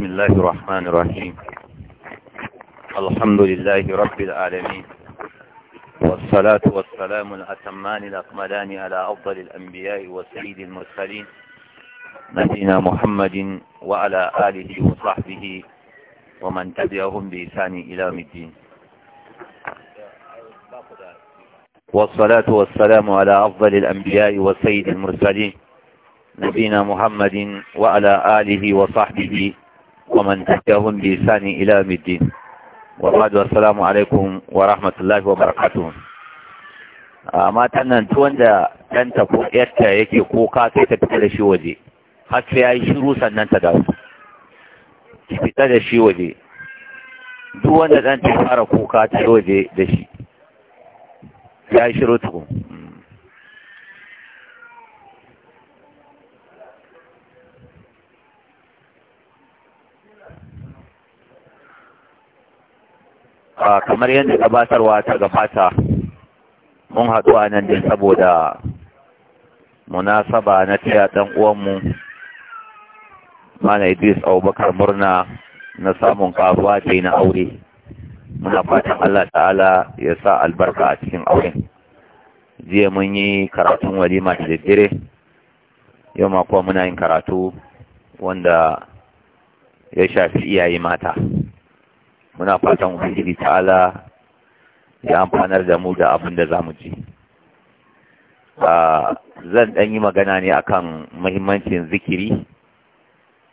بسم الله الرحمن الرحيم الحمد لله رب العالمين والصلاة والسلام الأتمان الأقمدان على أفضل الأنبياء وسيد المرسلين نبينا محمد وعلى آله وصحبه ومن تبعهم بإحسان إلى الدين والصلاة والسلام على أفضل الأنبياء وسيد المرسلين نبينا محمد وعلى آله وصحبه ومن تبعهم بإحسان إلى يوم الدين وبعد والسلام عليكم ورحمة الله وبركاته matan nan tuwon da ɗanta ko ƴarta yake kuka sai ta fita da shi waje har ya yi shiru sannan ta dawo ki fita da shi waje duk wanda ɗan ta fara kuka ta waje da shi ya yi shiru tukun kamar yadda gabatarwa ta gabata mun haɗu a nan din saboda munasaba na taya ɗan uwanmu mana idris abubakar murna na samun ƙaruwa da na aure muna fatan allah ta'ala ya sa albarka a cikin auren jiya mun yi karatun walima da daddare yau ma kuwa muna yin karatu wanda ya shafi iyaye mata muna fatan ubangiji ta'ala ya amfanar da mu da abin da za mu ji zan ɗan yi magana ne akan muhimmancin zikiri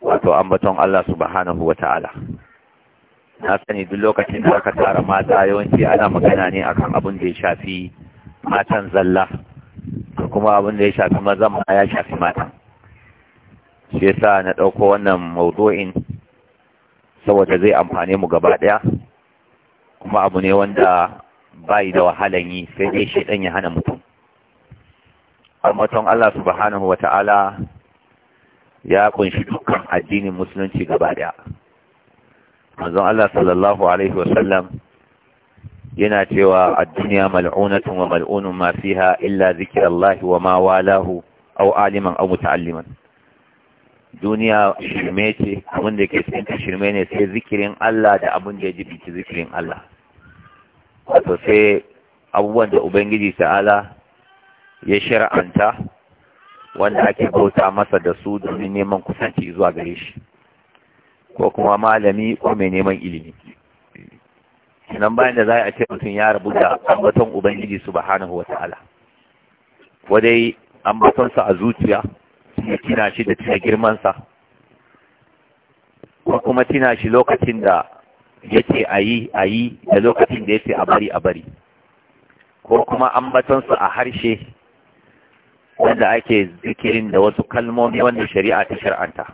wato ambaton Allah subhanahu ta'ala. na sani duk lokacin da aka tara mata yawanci ana magana ne akan abin da ya shafi matan zalla kuma abin da ya shafi mazan ma ya shafi matan shi yasa na ɗauko wannan in? saboda zai amfane mu gaba daya kuma abu ne wanda bai da wahalan yi sai dai shedan ya hana mutum ambaton Allah subhanahu wata'ala ya kunshi dukkan addinin musulunci gaba daya manzon Allah sallallahu alaihi wasallam yana cewa ad-dunya mal'unatu wa mal'unun ma fiha illa zikrullahi wa ma walahu aw aliman aw muta'alliman duniya shirme ce abin da ke cikin shirme ne sai zikirin Allah da abin da ya ji biki zikirin Allah wato sai abubuwan da Ubangiji ta'ala ya shar'anta wanda ake bauta masa da su domin neman kusanci zuwa gare shi ko kuma malami ko mai neman ilimi nan bayan da za a ce mutum ya rabu da ambaton Ubangiji subhanahu wa ta'ala wadai ambatonsa a zuciya ya tina shi da tina girmansa ko kuma tina shi lokacin da ya ce a yi a yi da lokacin da ya ce a bari a bari ko kuma ambatonsa a harshe wanda ake zikirin da wasu kalmomi wanda shari'a ta shar'anta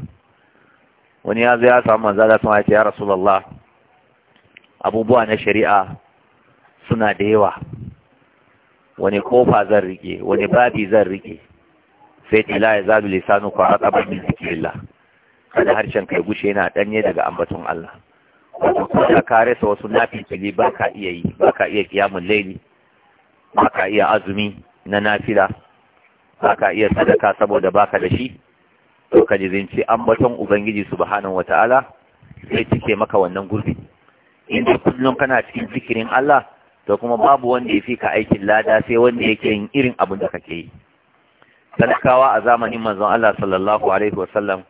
wani ya zo ya samu manzala da haice ya rasulallah abubuwa na shari'a suna da yawa wani kofa zan rike wani babi zan rike sai ce la yazalu lisanuka rataban min zikrillah kada harshen kai gushe yana ɗanye daga ambaton Allah wato kada ka rasa wasu nafi ba ka iya yi ba ka iya kiyamun laili ba ka iya azumi na nafila ba ka iya sadaka saboda baka da shi to ka jizinci ambaton ubangiji subhanahu wataala sai cike maka wannan gurbi in kullum kana cikin zikirin Allah to kuma babu wanda ya fi ka aikin lada sai wanda yake yin irin abin da kake yi talakawa a zamanin manzon Allah sallallahu alaihi wasallam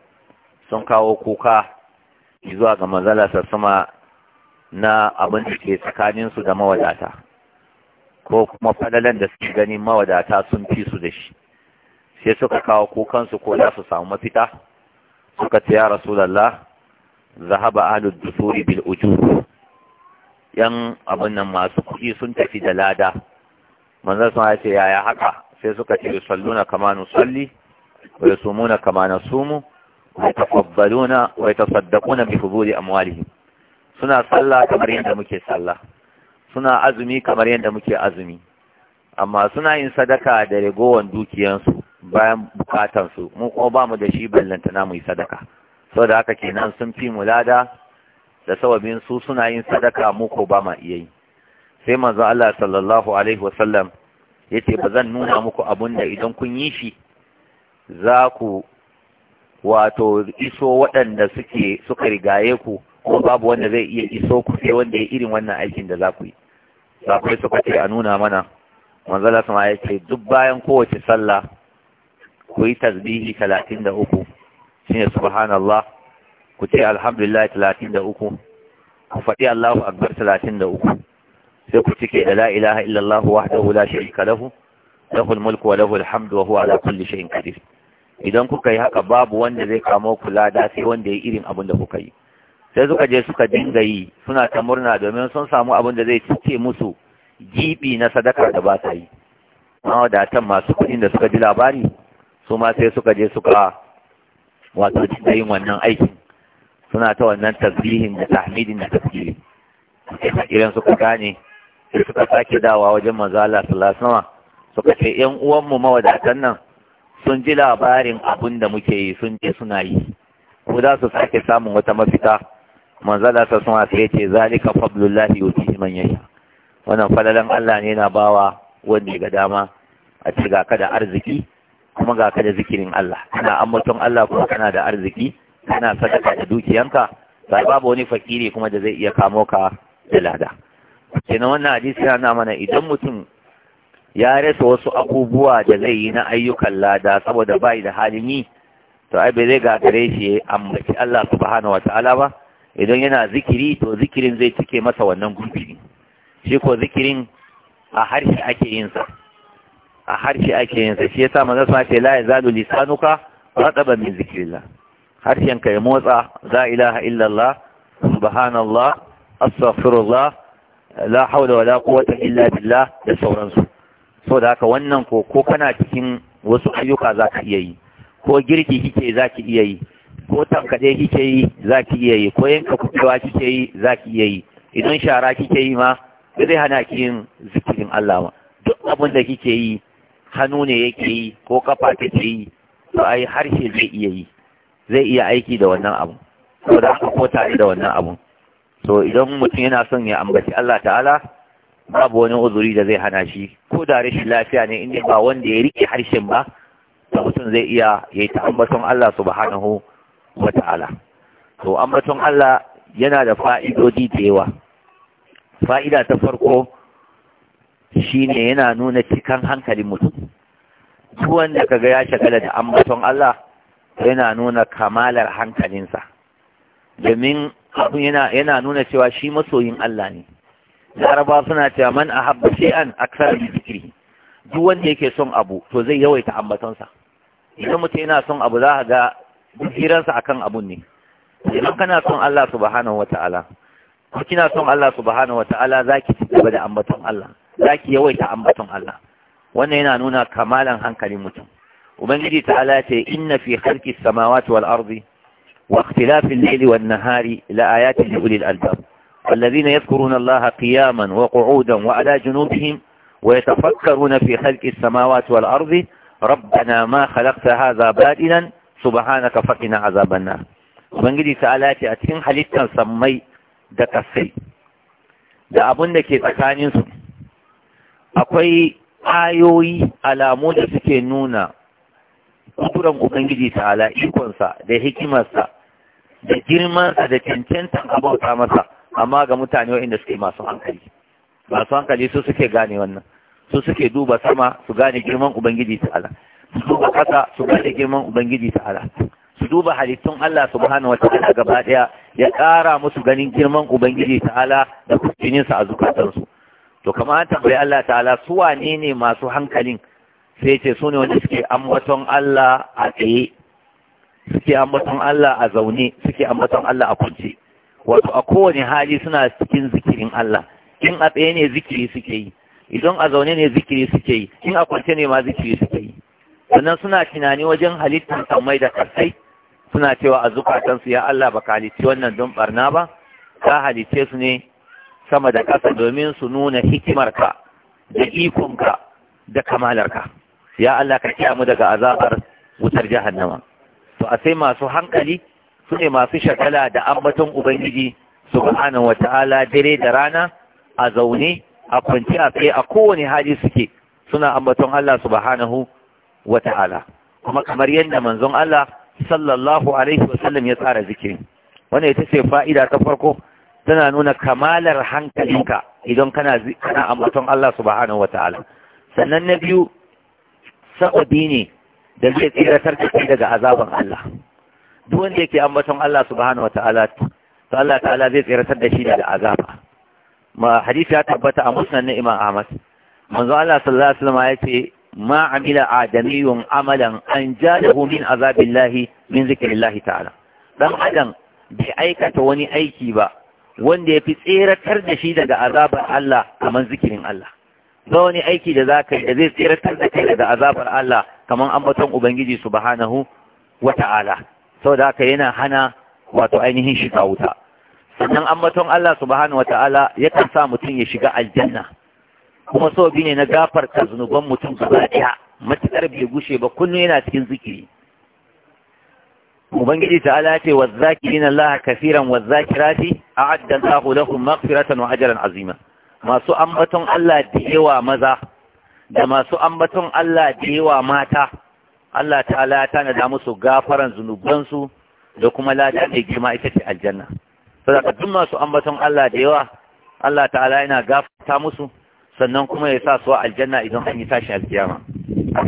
sun kawo kuka zuwa ga manzala sassama na abin da ke tsakaninsu da mawadata ko kuma falalan da suke ganin mawadata sun fi su da shi sai suka kawo kukansu ko za su samu mafita suka ce ya rasulullah zahaba ahlud dusuri bil ujur yan abin nan masu kuɗi sun tafi da lada manzon sun ce yaya haka sai suka ce yusalluna kama nusalli wa yasumuna kama nasumu wa tafaddaluna wa yatasaddaquna bi fuduli amwalihim suna sallah kamar yadda muke sallah suna azumi kamar yadda muke azumi amma suna yin sadaka da ragowan dukiyansu bayan su mu ko ba mu da shi ballantana mu yi sadaka saboda haka kenan sun fi mulada da sababin su suna yin sadaka mu ko ba ma iya yi sai manzo Allah sallallahu alaihi wasallam Yace ba zan nuna muku abun da idan kun yi shi za ku wato iso waɗanda suke suka rigaye ku kuma babu wanda zai iya iso ku sai wanda ya irin wannan aikin da za ku yi Sakwai suka ce a nuna mana manzala sama ya ce duk bayan kowace sallah ku yi tasbihi talatin da uku shine subhanallah ku ce alhamdulillah talatin da uku ku faɗi allahu akbar talatin da uku sai ku cike da la ilaha illallah wahdahu la sharika lahu lahul mulku wa lahul hamdu wa huwa ala kulli shay'in qadir idan kuka yi haka babu wanda zai kamo kula da sai wanda ya irin abin da kuka yi sai suka je suka dinga yi suna ta murna domin sun samu abin da zai cike musu gibi na sadaka da ba ta yi da tan masu kuɗin da suka ji labari su ma sai suka je suka wato cika yin wannan aikin suna ta wannan tasbihin da tahmidin da tasbihin idan suka gane sai suka sake dawa wajen maza Allah sallallahu alaihi wasallam suka ce ƴan uwanmu mawadatan nan sun ji labarin abin da muke yi sun je suna yi ko za su sake samun wata mafita manzo Allah sallallahu alaihi wasallam sai ce zalika fadlullahi yutihi man yasha wannan falalan Allah ne na bawa wanda ga dama a ce ga ka da arziki kuma ga ka zikirin Allah kana ambaton Allah kuma kana da arziki kana sadaka da dukiyanka Sai babu wani fakiri kuma da zai iya kamo ka da lada kenan wannan hadisi yana mana idan mutum ya rasa wasu abubuwa da zai yi na ayyukan lada saboda bai da halin yi to ai bai zai gagare shi ambaci Allah subhanahu wataala ba idan yana zikiri to zikirin zai cike masa wannan gurbi shi ko zikirin a harshe ake yin sa a harshe ake yin sa shi yasa manzo sa ce la yazalu lisanuka rataba min zikrillah harshen ka ya motsa la ilaha illallah subhanallah astaghfirullah la haula wala quwwata illa billah da sauransu so da haka wannan ko ko kana cikin wasu ayyuka za iya yi ko girki kike za ki iya yi ko tankade kike yi za iya yi ko yanka kubewa kike yi za iya yi idan shara kike yi ma zai hana ki yin zikirin Allah ma duk abin da kike yi hannu ne yake yi ko kafa take yi to ai harshe zai iya yi zai iya aiki da wannan abu saboda haka ko tare da wannan abun to idan mutum yana son ya ambaci Allah ta'ala babu wani uzuri da zai hana shi ko da rashin lafiya ne inda ba wanda ya rike harshen ba da mutum zai iya ya yi ta'ambaton Allah subhanahu wa ta'ala to ambaton Allah yana da fa'idodi da yawa fa'ida ta farko shi ne yana nuna cikan hankalin mutum duk wanda ka ya shagala da ambaton Allah yana nuna kamalar hankalinsa domin abu yana yana nuna cewa shi masoyin Allah ne Laraba suna cewa man ahabba shay'an aksar bi zikri duk wanda yake son abu to zai yawaita ambatonsa idan mutum yana son abu za ka ga hiransa akan abun ne idan kana son Allah subhanahu wata'ala ko kina son Allah subhanahu wata'ala zaki ci gaba da ambaton Allah zaki yawaita ambaton Allah wannan yana nuna kamalan hankalin mutum ubangiji ta'ala ce inna fi khalqis samawati wal ardi واختلاف الليل والنهار لآيات لأولي الألباب الذين يذكرون الله قياما وقعودا وعلى جنوبهم ويتفكرون في خلق السماوات والأرض ربنا ما خلقت هذا بادلا سبحانك فقنا عذاب النار ubangiji ta alace a cikin halittar sammai da kasai da abun da ke tsakaninsu akwai ayoyi alamu da suke nuna kuduran ubangiji ta'ala ikonsa da hikimarsa da girmansa da cancantan abauta masa amma ga mutane waɗanda suke masu hankali masu hankali su suke gane wannan su suke duba sama su gane girman ubangiji ta'ala su duba ƙasa su gane girman ubangiji ta'ala su duba halittun Allah subhanahu wataala gaba ɗaya ya ƙara musu ganin girman ubangiji ta'ala da kujininsa a zukatansu to kamar an tambayi Allah ta'ala su wane ne masu hankalin sai ce su ne wani suke ambaton Allah a tsaye suke ambaton Allah a zaune suke ambaton Allah a kwance wato a kowane hali suna cikin zikirin Allah in a tsaye ne zikiri suke yi idan a zaune ne zikiri suke yi in a kwance ne ma zikiri suke yi sannan suna tunani wajen halittar sammai da karsai suna cewa a zukatansu ya Allah baka halicci wannan don barna ba ka halicce su ne sama da ƙasa domin su nuna hikimarka da ikonka da kamalarka ya Allah ka kiyamu daga azabar wutar jahannama to a sai masu hankali su ne masu shagala da ambaton ubangiji subhanahu wata'ala dare da rana a zaune a kwanci a tsaye a kowane hali suke suna ambaton Allah subhanahu wata'ala kuma kamar yadda manzon Allah sallallahu alaihi wasallam ya tsara zikiri wannan ita ce fa'ida ta farko tana nuna kamalar hankalinka idan kana kana ambaton Allah subhanahu wata'ala sannan na biyu sababi ne da zai tsiratar da kai daga azaban Allah duk wanda yake ambaton Allah subhanahu wataala to Allah ta'ala zai tsiratar da shi daga azaba ma hadisi ya tabbata a musnad na Imam Ahmad manzo Allah sallallahu alaihi wasallam yace ma amila adamiyun amalan an jalahu min azabillahi min zikrillahi ta'ala dan adam bai aikata wani aiki ba wanda ya fi tseratar da shi daga azaban Allah kamar zikirin Allah ba wani aiki da za ka yi da zai tsiratar da kai daga azabar Allah kamar ambaton Ubangiji bahanahu wa sau da haka yana hana wato ainihin shiga wuta sannan ambaton Allah subhanahu wa ta'ala yakan sa mutum ya shiga aljanna kuma sau bi ne na gafar zunuban mutum gaba ɗaya, matuƙar bai gushe ba kullum yana cikin zikiri ubangiji ta'ala ya ce wa zakirina Allah kafiran wa zakirati a'adda Allahu lahum maghfiratan wa ajran azima masu ambaton Allah da yawa maza da masu ambaton Allah da yawa mata Allah ta'ala ya tanada musu gafaran zunubansu da kuma lada mai girma ita ce aljanna saboda duk masu ambaton Allah da yawa Allah ta'ala yana gafarta musu sannan kuma ya sa su a aljanna idan an yi tashi alkiyama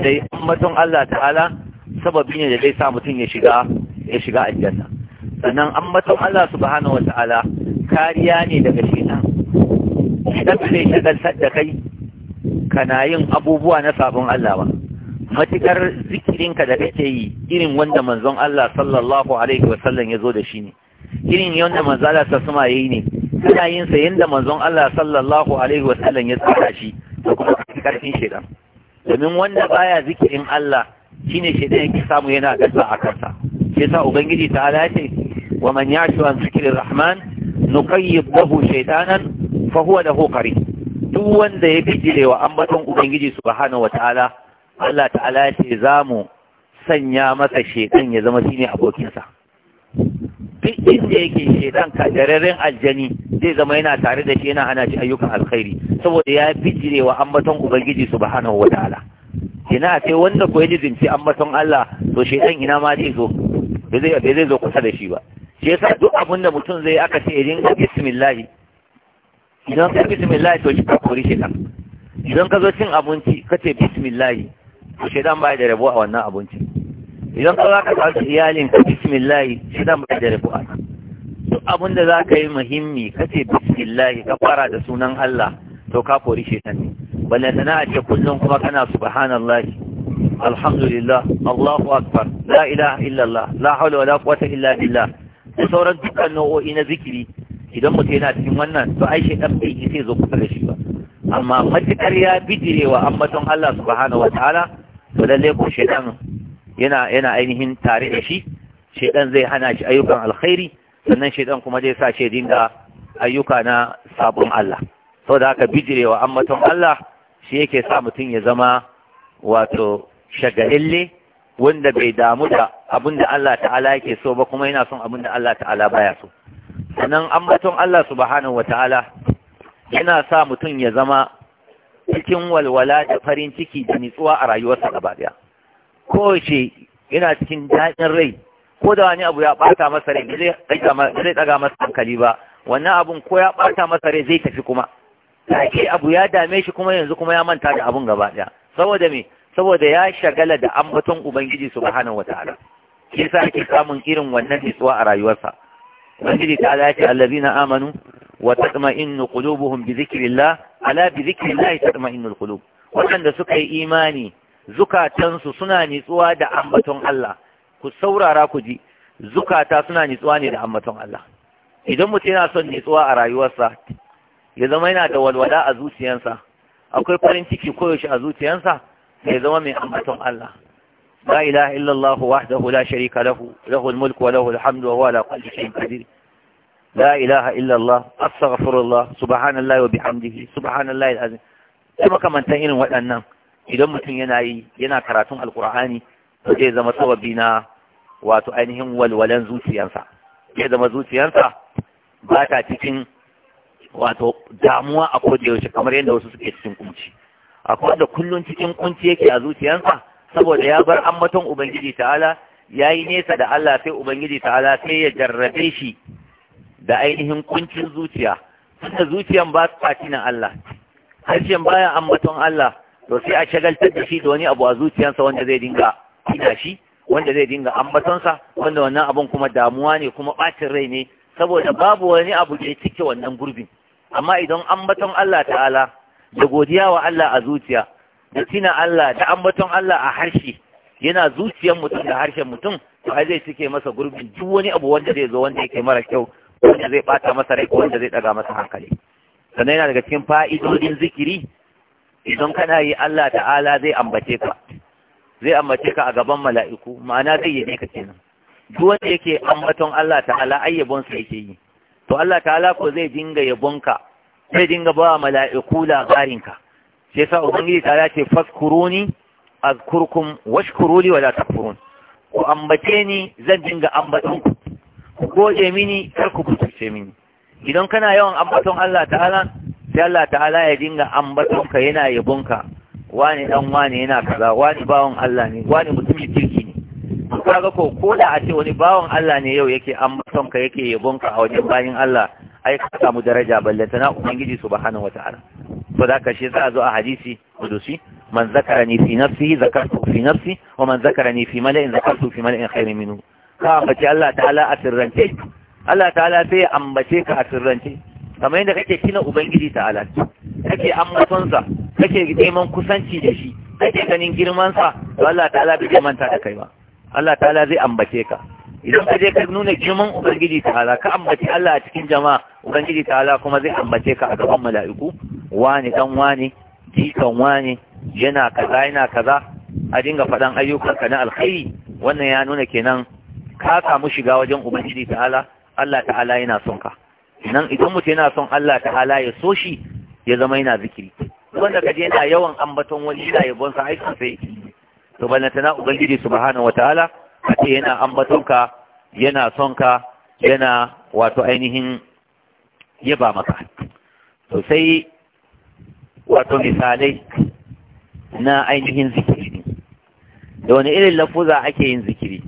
sai ambaton Allah ta'ala sababi ne da zai sa mutum ya shiga ya shiga aljanna sannan ambaton Allah subhanahu wata'ala kariya ne daga shi idan zai shagaltar da kai kana yin abubuwa na sabon Allah ba matukar zikirinka da kake yi irin wanda manzon Allah sallallahu alaihi wasallam ya zo da shi ne irin yadda manzon Allah sassuma ya yi ne kana yin sa yadda manzon Allah sallallahu alaihi wasallam ya tsara shi da kuma karfin shedan domin wanda baya zikirin Allah shine shedan yake samu yana gasa a kansa sa ubangiji ta halace wa man yashu an zikrir rahman nuqayyib lahu shaytanan fahuwa da hokari, duk wanda ya bijire wa ambaton ubangiji subhanahu wataala Allah ta'ala ya ce mu sanya masa shekan ya zama shine abokinsa duk inda yake shekan kadararren aljani zai zama yana tare da shi yana hana shi ayyukan alkhairi saboda ya bijire wa ambaton ubangiji subhanahu wataala ina sai wanda ko ya zinci ambaton Allah to shekan ina ma zai zo bai zai zo kusa da shi ba shi yasa duk abin da mutum zai aka ce ya dinga bismillah idan ka yi bismillah to shi ka kori shaitan idan ka zo cin abinci ka ce bismillah to shaitan bai da rabo a wannan abincin idan ka za ka sauke iyalin ka bismillah shaitan bai da rabo a duk abinda za ka yi muhimmi ka ce bismillah ka fara da sunan Allah to ka kori shaitan ne balle sana a ce kullum kuma kana subhanallahi alhamdulillah Allahu akbar la ilaha illallah la hawla wala quwwata illa billah da sauran dukkan nau'o'i na zikiri idan mutum yana cikin wannan to ai shi dan bai sai zo kusa da shi ba amma matukar ya bijire wa ambaton Allah subhanahu wataala to lalle ko shedan yana yana ainihin tare da shi shedan zai hana shi ayyukan alkhairi sannan shedan kuma zai sa shi dinga ayyuka na sabon Allah saboda haka wa ambaton Allah shi yake sa mutum ya zama wato shagalalle wanda bai damu da abin da Allah ta'ala yake so ba kuma yana son abin da Allah ta'ala baya so sannan ambaton Allah subhanahu ta'ala yana sa mutum ya zama cikin walwala da farin ciki da nitsuwa a rayuwarsa gaba daya ko shi yana cikin daɗin rai ko da wani abu ya ɓata masa rai zai daga masa hankali ba wannan abun ko ya ɓata masa rai zai tafi kuma ke abu ya dame shi kuma yanzu kuma ya manta da abun gaba daya saboda me saboda ya shagala da ambaton ubangiji subhanahu wataala shi yasa ake samun irin wannan nitsuwa a rayuwarsa ubangiji ta ala ce allazina amanu wa tatma'innu qulubuhum bi dhikrillah ala bi dhikrillah tatma'innul qulub wanda suka yi imani zukatansu suna nitsuwa da ambaton Allah ku saurara ku ji zukata suna nitsuwa ne da ambaton Allah idan mutum yana son nitsuwa a rayuwarsa ya zama yana da walwala a zuciyarsa akwai farin ciki koyaushe a zuciyarsa ya zama mai ambaton Allah la ilaha illallah wahdahu la sharika lahu lahu almulku wa lahu alhamdu wa huwa ala shi shay'in la ilaha illallah astaghfirullah subhanallahi wa bihamdihi subhanallahi alazim kuma kamantan irin waɗannan idan mutum yana yi yana karatun alqur'ani to zai zama sababi na wato ainihin walwalan zuciyarsa zai zama zuciyarsa ba ta cikin wato damuwa a kodayaushe kamar yadda wasu suke cikin kumci akwai da kullum cikin kunci yake a zuciyarsa saboda ya bar ammaton ubangiji ta'ala ya yi nesa da Allah sai ubangiji ta'ala sai ya jarrabe shi da ainihin kuncin zuciya tunda zuciyan ba ta na Allah harshen baya ambaton Allah to sai a shagaltar da shi da wani abu a zuciyarsa wanda zai dinga tina shi wanda zai dinga ambatonsa wanda wannan abun kuma damuwa ne kuma bacin rai ne saboda babu wani abu da ya cike wannan gurbin amma idan ambaton Allah ta'ala da godiya wa Allah a zuciya da tina Allah da ambaton Allah a harshe yana zuciyar mutum da harshen mutum to ai zai cike masa gurbin duk wani abu wanda zai zo wanda yake mara kyau wanda zai bata masa rai ko wanda zai daga masa hankali sannan yana daga cikin fa'idodin zikiri idan kana yi Allah ta'ala zai ambace ka zai ambace ka a gaban mala'iku ma'ana zai yi ka kenan duk wanda yake ambaton Allah ta'ala ayyabon sa yake yi to Allah ta'ala ko zai dinga yabonka sai dinga ba mala'iku labarinka sai sa ubangiji ta ce faskuruni a azkurkum wa wala takfurun ku ambace ni zan dinga ambaton ku ku goje mini kar ku kutuce mini idan kana yawan ambaton Allah ta'ala sai Allah ta'ala ya dinga ambaton ka yana yabonka wani dan wani yana kaza wani bawon Allah ne wani mutumin kirki ne kaga ko ko da a ce wani bawon Allah ne yau yake ambaton ka yake yabonka a wajen bayin Allah ai ka samu daraja na ubangiji subhanahu wata'ala to da ka shi za a zo a hadisi kudusi man zakarani fi nafsihi zakartu fi nafsi wa man zakarani fi mala'in zakartu fi mala'in khairin minhu ka ambace Allah ta'ala a sirrance Allah ta'ala sai ya ambace ka a sirrance kamar yadda kake kina ubangiji ta'ala kake ambatonsa kake neman kusanci da shi kake ganin girmansa to Allah ta'ala bai manta da kai ba Allah ta'ala zai ambace ka idan ka je ka nuna girman ubangiji ta'ala ka ambaci Allah a cikin jama'a ubangiji ta'ala kuma zai ambace ka a gaban mala'iku wani dan wani jikan wani yana kaza yana kaza a dinga faɗan ayyukanka na alkhairi wannan ya nuna kenan ka samu shiga wajen ubangiji ta'ala Allah ta'ala yana son ka nan idan mutum yana son Allah ta'ala ya so shi ya zama yana zikiri wanda je yana yawan ambaton wani da yabon sa aikin sai to ballantana ubangiji subhanahu wataala a ce yana ambatonka yana sonka yana wato ainihin yaba maka to sai wato misalai na ainihin zikiri da wani irin lafuza ake yin zikiri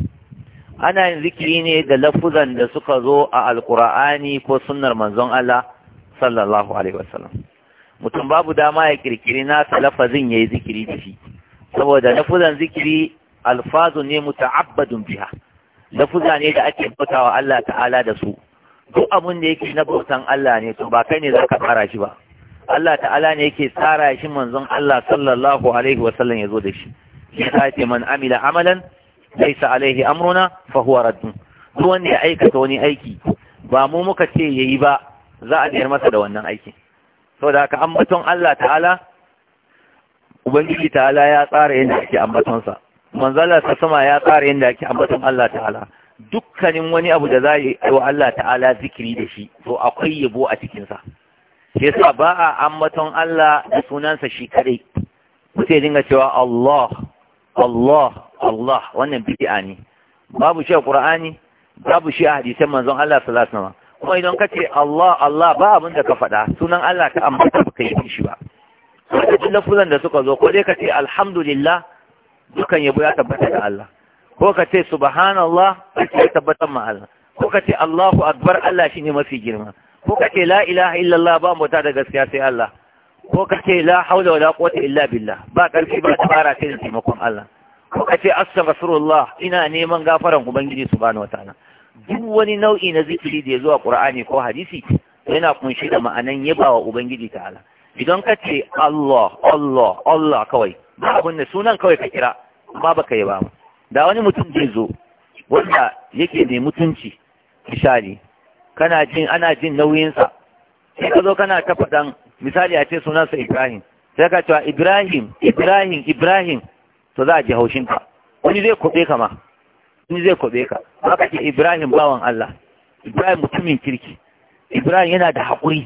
ana yin zikiri ne da lafuzan da suka zo a alkur'ani ko sunnar manzon Allah sallallahu alaihi wasallam mutum babu dama ya kirkiri nasa lafazin yayi zikiri da shi saboda lafuzan zikiri alfazu ne muta'abbadun biha lafuza ne da ake bautawa Allah ta'ala da su duk abunda da yake na bautan Allah ne to ba kai ne zaka fara shi ba Allah ta'ala ne yake tsara shi manzon Allah sallallahu alaihi wa sallam yazo da shi ya ce man amila amalan laysa alaihi amruna fa huwa raddun duk wanda ya aikata wani aiki ba mu muka ce yayi ba za a biyar masa da wannan aikin saboda haka ambaton Allah ta'ala ubangiji ta'ala ya tsara yadda ake ambatonsa manzala ta sama ya tsara yadda ake ambaton Allah ta'ala dukkanin wani abu da za a yi wa Allah ta'ala zikiri da shi to akwai yabo a cikinsa shi sa ba a ambaton Allah da sunansa shi kadai kuke dinga cewa Allah Allah Allah wannan bid'a ne babu shi a Qur'ani babu shi a hadisan manzon Allah sallallahu alaihi wasallam kuma idan ka ce Allah Allah ba abin da ka faɗa sunan Allah ka ambata baka yi shi ba sai lafuzan da suka zo ko dai ka ce alhamdulillah dukan yabo ya tabbata da Allah ko ka ce subhanallah ya tabbata ma Allah ko ka ce Allahu akbar Allah shine mafi girma ko ka ce la ilaha illallah ba mu da gaskiya sai Allah ko ka ce la haula wala quwwata illa billah ba karfi ba tabara sai da taimakon Allah ko ka ce astaghfirullah ina neman gafaran ubangiji subhanahu wataala duk wani nau'i na zikiri da ya zuwa Kur'ani Qur'ani ko hadisi yana kunshi da ma'anan yabawa ubangiji ta'ala idan ka ce Allah Allah Allah kawai ba abin da sunan kawai ka kira ba baka yi ba da wani mutum zai zo wanda yake da mutunci misali kana jin ana jin nauyinsa sai ka zo kana ta faɗan misali a ce sunansa Ibrahim sai ka cewa Ibrahim Ibrahim Ibrahim to za a ji ka. wani zai kobe ka ma wani zai kobe ka ka ce Ibrahim bawan Allah Ibrahim mutumin kirki Ibrahim yana da haƙuri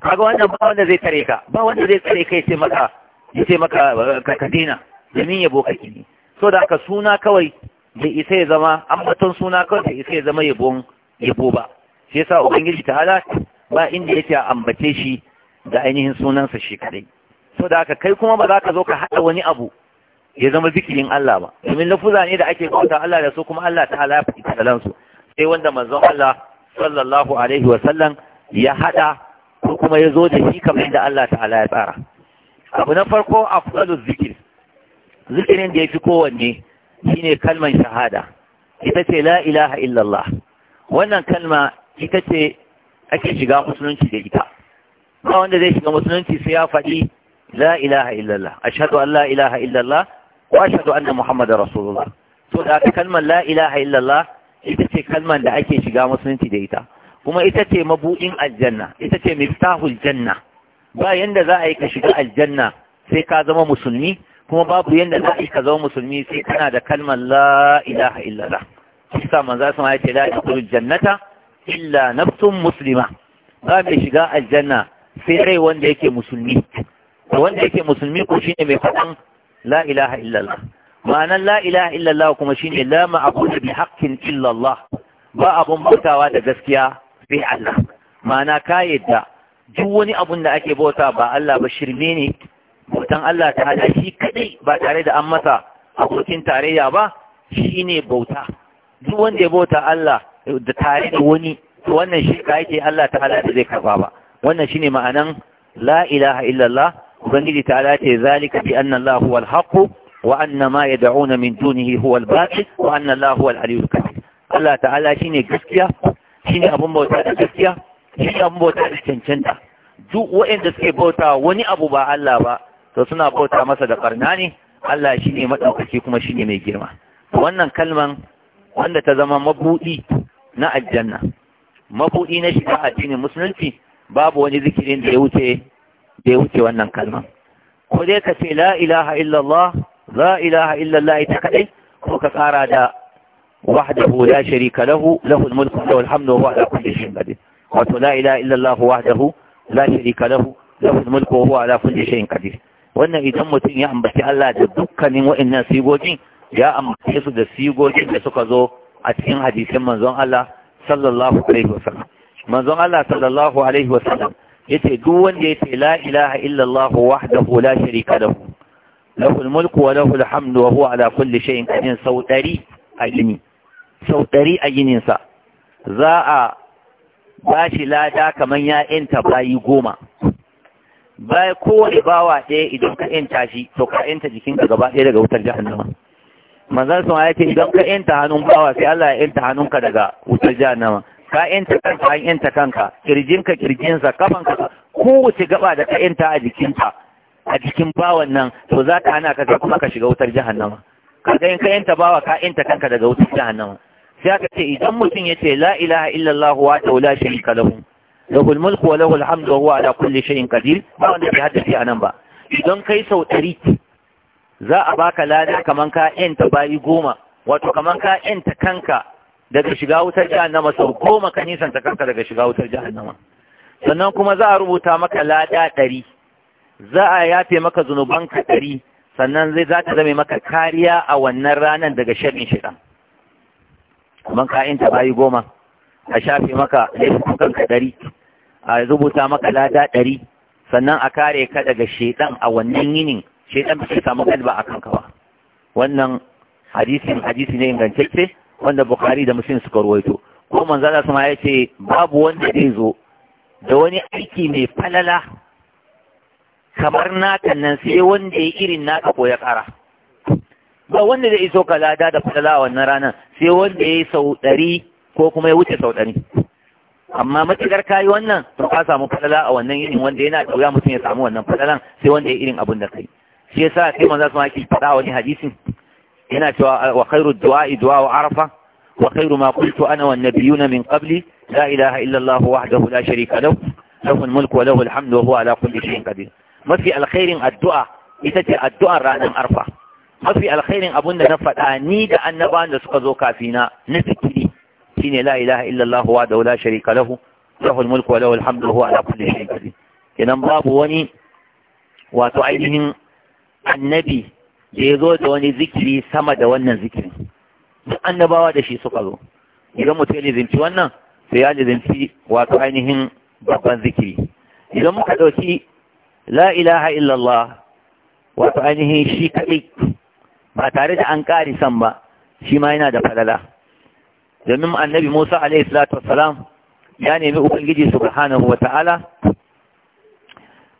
kaga wannan ba wanda zai tare ka ba wanda zai tare kai sai maka ya ce maka ka daina domin yabo kake ne so da haka suna kawai da isa ya zama ambaton suna kawai da isa ya zama yabo ba shi yasa ubangiji ta hala ba inda yake a ambace shi da ainihin sunansa shi kadai so da haka kai kuma ba za ka zo ka haɗa wani abu ya zama zikirin Allah ba domin lafuza ne da ake kauta Allah da su kuma Allah ta hala ya fi kalansu sai wanda manzon Allah sallallahu alaihi wa sallam ya haɗa ko kuma ya zo da shi kamar yadda Allah ta'ala ya tsara abu na farko a afdalu zikir zikirin da ya fi kowanne shine kalmar shahada ita ce la ilaha illallah wannan kalma ita ce ake shiga musulunci da ita ba wanda zai shiga musulunci sai ya faɗi la ilaha illallah ashhadu an la ilaha illallah wa ashhadu anna Muhammadu rasulullah to da kalmar la ilaha illallah ita ce kalmar da ake shiga musulunci da ita kuma ita ce mabuɗin aljanna ita ce miftahul janna ba yanda za a yi ka shiga aljanna sai ka zama musulmi kuma babu yanda za a yi ka zama musulmi sai kana da kalmar la ilaha illallah kisa manzo sama ya ce la tadkhulul jannata illa nafsun muslima ba mai shiga aljanna sai rai wanda yake musulmi wanda yake musulmi ko shine mai faɗan la ilaha illallah ma'anar la ilaha illallah kuma shine la ma'budu bi haqqin illallah ba abun bautawa da gaskiya sai Allah ma'ana ka yadda duk wani abun da ake bauta ba Allah ba shirme ne bautan Allah ta hada shi kadai ba tare da an masa abokin tarayya ba Shi ne bauta duk wanda ya bauta Allah da tare da wani to wannan shi shirka yake Allah ta hada zai karba ba wannan shi ne ma'anan la ilaha illallah ubangiji ta ala ce zalika bi anna Allah huwa al-haqq wa anna ma yad'una min dunihi huwa al-batil wa anna Allah huwa al-aliyyul kabir Allah ta'ala shine gaskiya shine abun bauta da gaskiya shi an bauta da cancanta duk waɗanda suke bauta wani abu ba Allah ba to suna bauta masa da karna ne Allah shi ne maɗaukaki kuma shi ne mai girma wannan kalman wanda ta zama mabuɗi na aljanna mabuɗi na shiga addinin musulunci babu wani zikirin da ya wuce da ya wuce wannan kalman ko dai ka ce la ilaha illallah la ilaha illallah ita kadai ko ka tsara da wahdahu la sharika lahu lahul mulku wa lahul wa ala kulli shay'in qadir wato la ilaha illallah wahdahu la sharika lahu lahul mulku wa huwa ala kulli shay'in qadir wannan idan mutum ya ambaci Allah da dukkanin wa'annan sigogin ya ambace su da sigogin da suka zo a cikin hadisin manzon Allah sallallahu alaihi wasallam manzon Allah sallallahu alaihi wasallam yace duk wanda yace la ilaha illallah wahdahu la sharika lahu lahul mulku wa lahul hamdu wa huwa ala kulli shay'in qadir sau 100 a yini sau 100 a yinin za a ba shi lada kamar ya inta bayi goma bayan kowane bawa ɗaya idan ka inta shi to ka yanta jikinka gaba ɗaya daga wutar jahannama manzon sun ya ce idan ka inta hannun bawa sai Allah ya yanta hannunka daga wutar jahannama ka inta kanka an inta kanka kirjinka kirjinsa kafanka kowace gaba da ka inta a jikinka a jikin bawan nan to za ta hana ka kuma ka shiga wutar jahannama ga in ka inta bawa ka inta kanka daga wutar jahannama sai aka ce idan mutum ya ce la ilaha illallah wa ta la sharika lahu lahul mulku wa lahul hamdu wa ala kulli shay'in qadir ba wanda ya haddace anan ba idan kai sau ɗari za a baka lada kaman ka yanta bayi goma wato kaman ka yanta kanka daga shiga wutar jahannama sau goma ka nisanta kanka daga shiga wutar jahannama sannan kuma za a rubuta maka lada ɗari za a yafe maka zunubanka ɗari sannan zai za ta zame maka kariya a wannan ranar daga shirin shiɗan kamar ta bayi goma a shafe maka laifukan ka ɗari a rubuta maka lada ɗari sannan a kare ka daga shaidan a wannan yinin shaidan bai samu galba a kanka ba wannan hadisin hadisi ne ingantacce wanda Bukhari da Muslim suka ruwaito ko manzo Allah sama ya ce babu wanda zai zo da wani aiki mai falala kamar naka nan sai wanda ya irin naka ko ya kara ba wanda zai iso ka lada da fadala a wannan ranar sai wanda ya yi sau ɗari ko kuma ya wuce sau ɗari amma matuƙar kayi wannan to ka samu fadala a wannan irin wanda yana da wuya mutum ya samu wannan fadalan sai wanda ya irin abin da kai shi yasa sai manzo sun ake faɗa wani hadisin yana cewa wa khairu du'a'i du'a'u arafa wa khairu ma qultu ana wan nabiyuna min qabli la ilaha illa allah wahdahu la sharika lahu lahu mulku wa lahu al wa huwa ala kulli shay'in qadir mafi alkhairin addu'a ita ce addu'ar ranar arfa mafi alkhairin abun na faɗa ni da annabawan da suka zo kafina na zikiri shine la ilaha illallah wa da la sharika lahu lahul mulku wa lahul hamdu wa ala kulli shay'in qadir kenan babu wani wato ainihin annabi da ya zo da wani zikiri sama da wannan zikiri, duk annabawa da shi suka zo idan mutum ya lizinci wannan sai ya lizinci wato ainihin babban zikiri idan muka ɗauki la ilaha illallah wato ainihin shi kaɗai ba tare da an ƙari san ba shi ma yana da falala domin annabi Musa alaihi salatu wassalam ya nemi ubangiji subhanahu wata'ala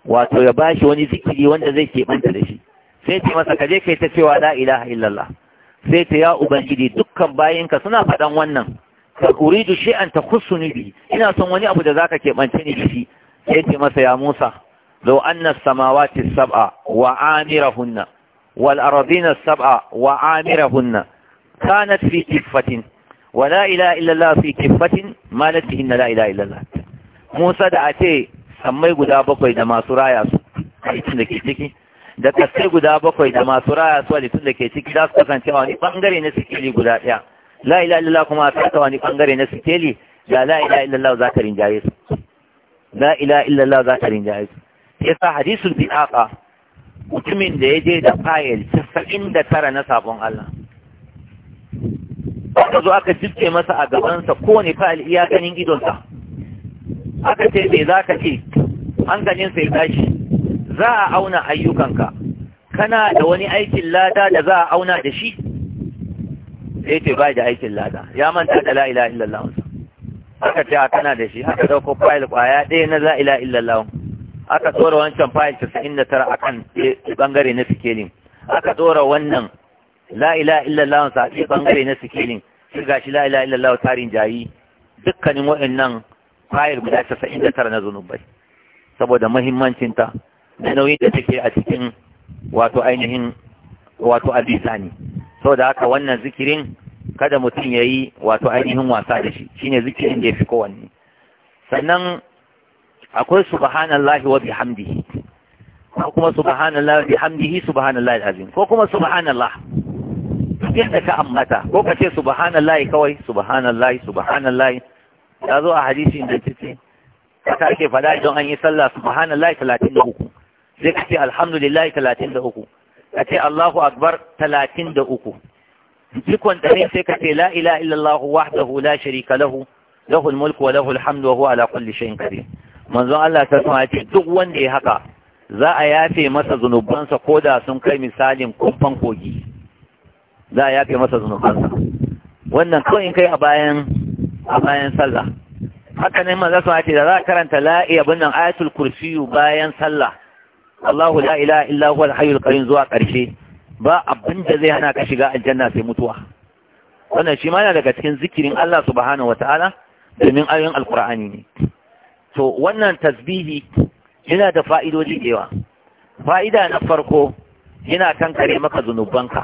wato ya bashi wani zikiri wanda zai keɓanta da shi sai ce masa kaje kai ta cewa la ilaha illallah sai ta ya ubangiji dukkan bayinka suna faɗan wannan ka uridu shay'an takhussuni bi ina son wani abu da zaka keɓance ni da shi sai ce masa ya Musa law anna samawati saba wa amirahunna والأراضين السبع وعامرهن كانت في كفة ولا إله إلا الله في كفة ما لتهن لا إله إلا الله موسى da a ce sammai guda bakwai da masu raya su halittun da ke ciki da kaskai guda bakwai da masu raya su halittun da ke ciki za su kasance a wani bangare na sikeli guda ɗaya la ila illallah kuma a ta wani bangare na sikeli da la ila illallah za ta rinjaye su la ila illallah za ta rinjaye su yasa hadisul bi'aqa mutumin da ya je da fayil casa'in da tara na sabon Allah aka zo aka jibce masa a gabansa kowane fayil iya ganin idonsa aka ce bai za ka ce hankalinsa ya tashi za a auna ayyukanka kana da wani aikin lada da za a auna da shi sai ce bai da aikin lada ya manta da la'ila illallah aka ce a kana da shi aka dauko fayil kwaya ɗaya na la'ila illallah aka tsora wancan fayil casa'in a tara akan bangare na sikelin aka tsora wannan la'ila illallah sa haƙi bangare na sikelin shi gashi la'ila illallah tarin jayi dukkanin wa'in nan fayil guda casa'in tara na zunubai saboda mahimmancinta da nauyin da take a cikin wato ainihin wato alisani saboda haka wannan zikirin kada mutum ya yi wato ainihin wasa da shi shine zikirin da ya fi kowanne sannan akwai subhanallahi wa bihamdihi ko kuma subhanallahi wa bihamdihi subhanallahi alazim ko kuma subhanallah duk da ka ambata ko ka ce subhanallahi kawai subhanallahi subhanallahi ya zo a hadisi da tace ta ake fada don an yi sallah subhanallahi 33 sai ka ce alhamdulillahi 33 ka ce Allahu akbar 33 duk wanda ne sai ka ce la ilaha illallah wahdahu la sharika lahu lahu almulku wa lahu alhamdu wa huwa ala kulli shay'in qadir manzon Allah ta sama ce duk wanda ya haka za a yafe masa zunubansa ko da sun kai misalin kumfan kogi za a yafe masa zunubansa wannan kawai in kai a bayan a bayan sallah haka ne manzon sama ce da za a karanta la'i abin nan ayatul kursi bayan sallah Allahu la ilaha illa huwa al-hayyul qayyum zuwa karshe ba abin da zai hana ka shiga aljanna sai mutuwa wannan shi ma yana daga cikin zikirin Allah subhanahu wataala domin ayoyin alqur'ani ne to wannan tasbihi yana da fa'idodi da yawa fa'ida na farko yana kankare maka zunubanka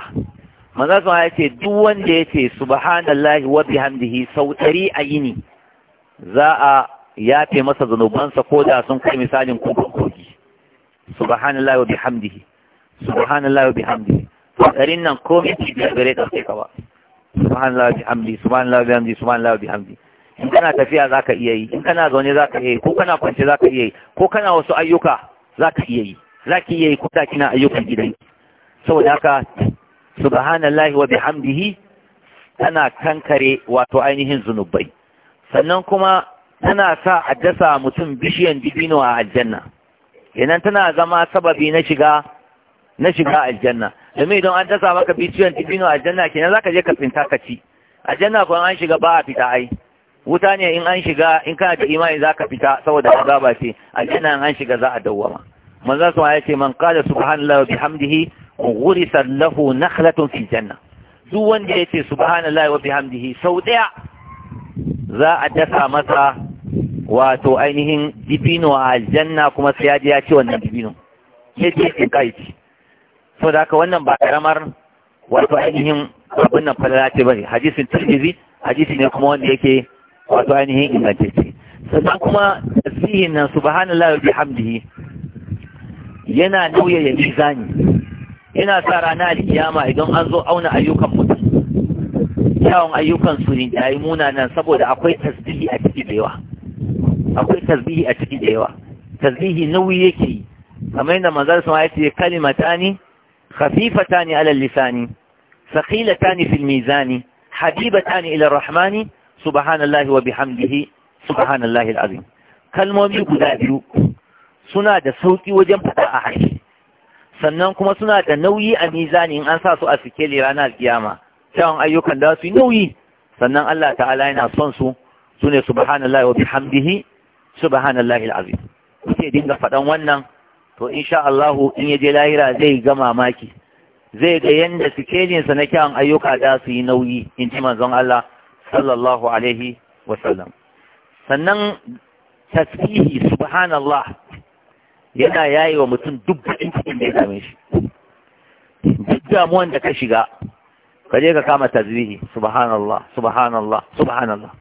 manzo sun ya ce duk wanda ya ce subhanallahi wa bihamdihi sau ɗari a yini za a yafe masa zunubansa ko da sun kai misalin kuban kogi subhanallahi wa bihamdihi subhanallahi wa bihamdihi sau ɗarin nan komai ki biyar gare ka ba subhanallahi wa bihamdihi subhanallahi wa bihamdihi subhanallahi wa bihamdihi in kana tafiya za ka iya yi in kana zaune za ka iya yi ko kana kwance za ka iya yi ko kana wasu ayyuka za ka iya yi za ki iya yi ko da kina ayyukan gidan saboda haka subhanallahi wa bihamdihi tana kankare wato ainihin zunubai sannan kuma tana sa a dasa mutum bishiyan dibino a aljanna kenan tana zama sababi na shiga na shiga aljanna domin idan an dasa maka bishiyan dibino a aljanna kenan zaka je ka tsinta ka ci aljanna kuma an shiga ba a fita ai wuta ne in an shiga in kana da imani za ka fita saboda azaba ce aljanna in an shiga za a dawwama manzo su ya ce man qala subhanallahi bihamdihi ghurisa lahu nakhlatun fi janna duk wanda ya ce subhanallahi wa bihamdihi sau daya za a dasa masa wato ainihin dibino a aljanna kuma sai ya ji ya ce wannan dibino sai ce in kai saboda haka wannan ba karamar wato ainihin abin nan falala ce bane hadisin tirmidhi hadisi ne kuma wanda yake wato ainihin ingantacce sannan kuma tasbihin nan subhanallahi wa bihamdihi yana nauya ya mizani yana sa rana alkiyama idan an zo auna ayyukan mutum kyawun ayyukan su ne yayi munanan saboda akwai tasbihi a ciki da yawa akwai tasbihi a ciki da yawa tasbihi nauyi yake yi kamar yadda manzar sama ya ce kalimatani khafifatani ala lisani thaqilatani fil mizani habibatani ila rahmani subhanallahi wa bihamdihi subhanallahi alazim kalmomi guda biyu suna da sauki wajen fada a harshe sannan kuma suna da nauyi a mizani in an sa su a sikeli ranar kiyama kyawun ayyukan da su yi nauyi sannan Allah ta'ala yana son su su ne subhanallahi wa bihamdihi subhanallahi alazim kuke dinga faɗan wannan to insha Allah in ya je lahira zai ga mamaki zai ga yanda sikelin sa na kyawun ayyuka da su yi nauyi in ji manzon Allah sallallahu alaihi wasallam sannan tasbihi subhanallah yana yayi wa mutum duk bakin cikin da ya same shi duk damuwan da ka shiga ka je ka kama tasbihi subhanallah subhanallah subhanallah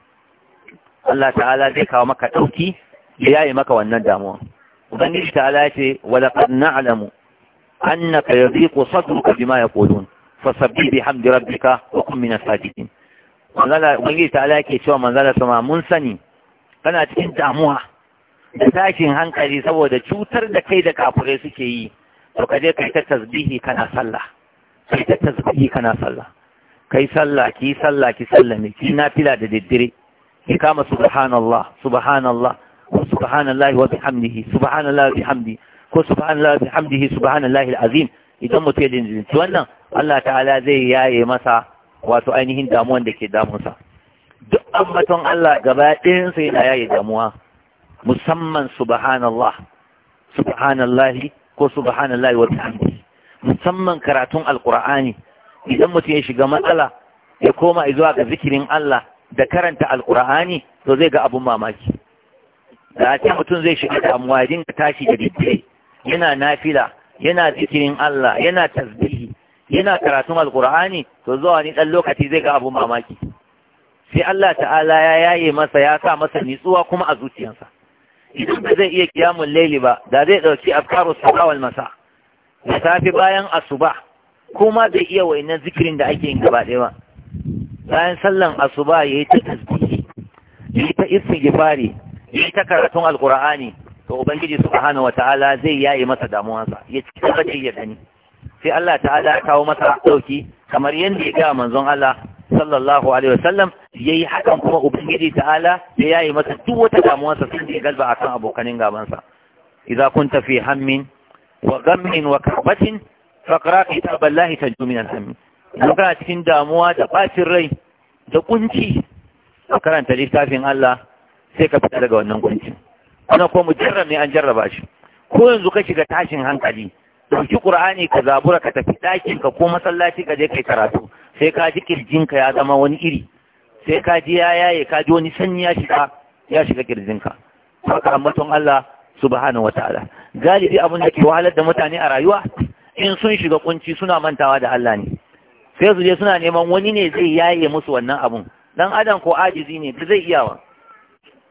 Allah ta'ala zai kawo maka dauki ya yayi maka wannan damuwa ubangiji ta'ala ya ce wa laqad na'lamu annaka yadhiqu sadruka bima yaqulun fasabbih bihamdi rabbika wa kun min as sadiqin. manzala ubangiji ta ala ke cewa manzala sama mun sani kana cikin damuwa da tashin hankali saboda cutar da kai da kafurai suke yi to ka je kai ta tasbihi kana sallah kai ta tasbihi kana sallah kai sallah ki sallah ki sallah ne ki nafila da daddare ki kama subhanallah subhanallah wa subhanallah wa bihamdihi subhanallah wa bihamdihi ko subhanallah wa bihamdihi subhanallahi alazim idan mutum ya dinji wannan Allah ta'ala zai yaye masa wato ainihin damuwan da ke damunsa duk ambaton Allah gaba ɗayan sai na yayi damuwa musamman subhanallah subhanallahi ko subhanallahi wa bihamdihi musamman karatun alqur'ani idan mutum ya shiga matsala ya koma zuwa ga zikirin Allah da karanta alqur'ani to zai ga abun mamaki da ta mutum zai shiga damuwa ya tashi da dikire yana nafila yana zikirin Allah yana tasbih yana karatun alkur'ani to zuwa ni dan lokaci zai ga abun mamaki sai Allah ta'ala ya yaye masa ya sa masa nitsuwa kuma a zuciyarsa idan ba zai iya kiyamun laili ba da zai dauki afkaru sabah wal masa Ya safi bayan asuba kuma zai iya wayannan zikirin da ake yin gaba ɗaya ba bayan sallan asuba yayi ta tasbihi yayi ta istighfari yayi ta karatun alkur'ani to ubangiji subhanahu Ta'ala zai yaye masa damuwarsa ya cika gaba da ya gani sai Allah ta'ala ya kawo masa dauki kamar yadda ya ga manzon Allah sallallahu alaihi wasallam yayi hakan kuma ubangiji ta'ala sai yayi masa duk wata damuwa sa sai ya galba akan abokanin gaban sa idza kunta fi hammin wa ghammin wa kabatin faqra kitaballahi tajju min al-hammi lokacin cikin damuwa da bacin rai da kunci karanta littafin Allah sai ka fita daga wannan kunci ana kuma mujarrab ne an jarraba shi ko yanzu ka shiga tashin hankali ɗauki ƙur'ani ka zabura ka tafi ɗakin ka ko masallaci ka je kai karatu sai ka ji ka ya zama wani iri sai ka ji ya yaye ka ji wani sanyi ya shiga ya shiga ka haka ambaton Allah subhanahu wataala galibi abin da ke wahalar da mutane a rayuwa in sun shiga kunci suna mantawa da Allah ne sai su je suna neman wani ne zai yaye musu wannan abun dan adam ko ajizi ne da zai iya wa?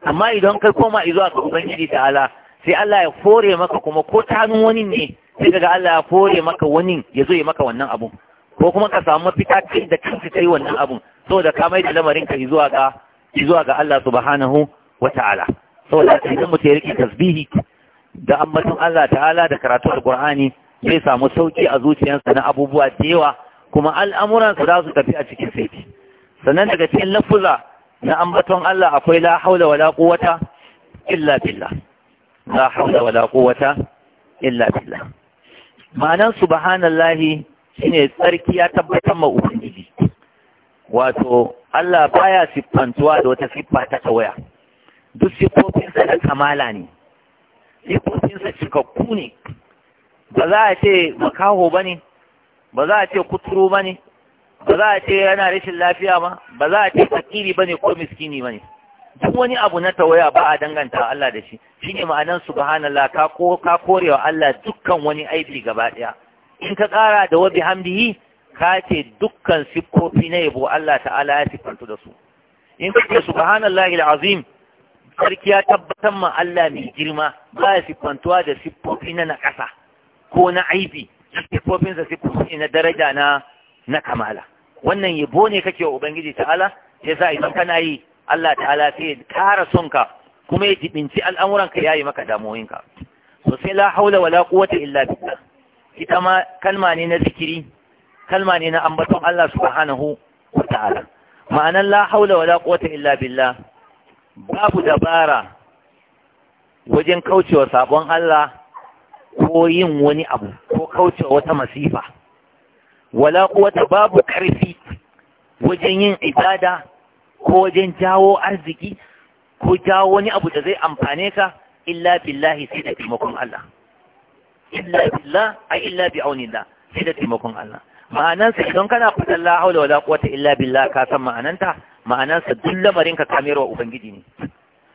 amma idan kai koma izuwa ga ubangiji ta'ala sai Allah ya fore maka kuma ko ta wani ne sai kaga Allah ya kore maka wani ya zo ya maka wannan abun ko kuma ka samu mafita kai da kanka kai wannan abun saboda ka mai da lamarin ka zuwa ga zuwa ga Allah subhanahu wata'ala saboda idan mutum ya riƙe tasbihi da ambaton Allah ta'ala da karatu alqur'ani zai samu sauki a zuciyarsa na abubuwa da yawa kuma al'amuransa za su tafi a cikin saiti sannan daga cikin lafuza na ambaton Allah akwai la haula wala quwwata illa billah la haula wala quwwata illa billah ma'anan subhanallahi shine tsarki ya tabbatar ma ubangiji wato Allah baya siffantuwa da wata siffa ta tawaya duk siffofinsa na kamala ne siffofinsa cikakku ne ba za a ce makaho ba ne ba za a ce kuturu ba ne ba za a ce yana rashin lafiya ma ba za a ce fakiri ba ne ko miskini ba ne duk wani abu na tawaya ba a danganta Allah da shi shine ma'anar subhanallah ka ko ka korewa Allah dukkan wani aibi gaba daya in ka kara da wabi bihamdihi ka ce dukkan siffofi na yabo Allah ta'ala ya sifantu da su in ka ce subhanallahi alazim sarki ya tabbatar ma Allah mai girma ba ya siffantuwa da siffofi na nakasa ko na aibi siffofinsa siffofi na daraja na na kamala wannan yabo ne kake wa ubangiji ta'ala yasa idan kana yi Allah ta'ala sai kara ka kuma ya jibinci al'amuranka yi maka damuwinka So sai la haula wala quwwata illa billah ita ma kalma ne na zikiri kalma ne na ambaton Allah subhanahu wa ta'ala ma'anan la haula wala quwwata illa billah babu dabara wajen kaucewa sabon Allah ko yin wani abu ko kaucewa wata masifa wala quwwata babu karfi wajen yin ibada ko wajen jawo arziki ko jawo wani abu da zai amfane ka illa billahi sai da taimakon Allah illa billah ai illa bi aunillah sai da taimakon Allah Ma'anar sa idan kana fatan la haula wala quwwata illa billah ka san ma'anar sa duk lamarin ka kamerwa ubangiji ne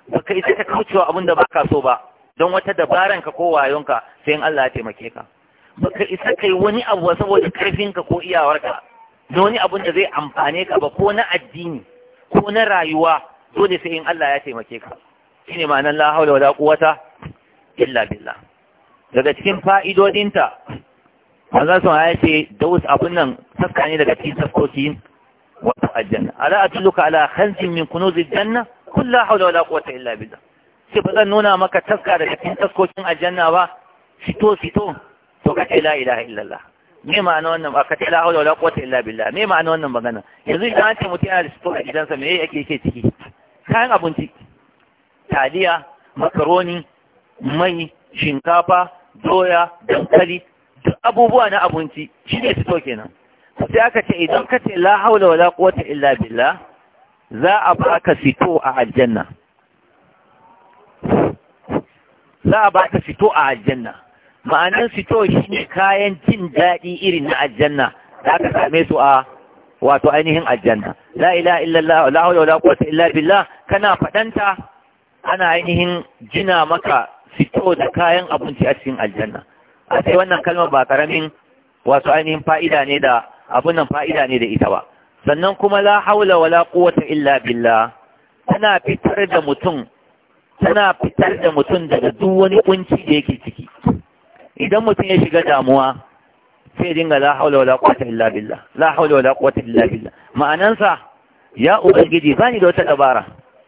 baka isa ka kaucewa abin da baka so ba don wata dabaran ka ko wayonka sai in Allah ya taimake ka baka isa kai wani abu saboda karfin ka ko iyawar ka da wani abin da zai amfane ka ba ko na addini ko na rayuwa dole sai in Allah ya taimake ka shine ma'anar la haula wala quwata illa billah daga cikin fa'idodinta manzon sun ya ce daus abun nan safka ne daga cikin safkoki wato aljanna ala atluka ala khanzin min kunuzil janna kun la haula wala quwata illa billah sai ba zan nuna maka taska daga cikin taskokin aljanna ba fito fito to kace la ilaha illallah me ma'ana wannan aka ce la haula wala quwwata illa billah me ma'ana wannan magana yanzu idan an ce mutum yana da store a gidansa me yake ke ciki kayan abinci taliya makaroni mai shinkafa doya dankali duk abubuwa na abinci shi ne store kenan sai aka ce idan ka ce la haula wala quwwata illa billah za a baka fito a aljanna za a baka fito a aljanna ma'anar sito shi ne kayan jin daɗi irin na aljanna da aka same su a wato ainihin aljanna la ila illallah la hawla wala quwwata illa billah kana fadanta ana ainihin jina maka sito da kayan abinci a cikin aljanna a sai wannan kalmar ba karamin wato ainihin fa'ida ne da abun nan fa'ida ne da ita ba sannan kuma la hawla wala quwwata illa billah tana fitar da mutum tana fitar da mutum daga duk wani kunci da yake ciki idan mutum ya shiga damuwa sai dinga la haula wala quwwata illa billah la haula wala quwwata illa billah ma'anansa ya ubangiji bani da wata dabara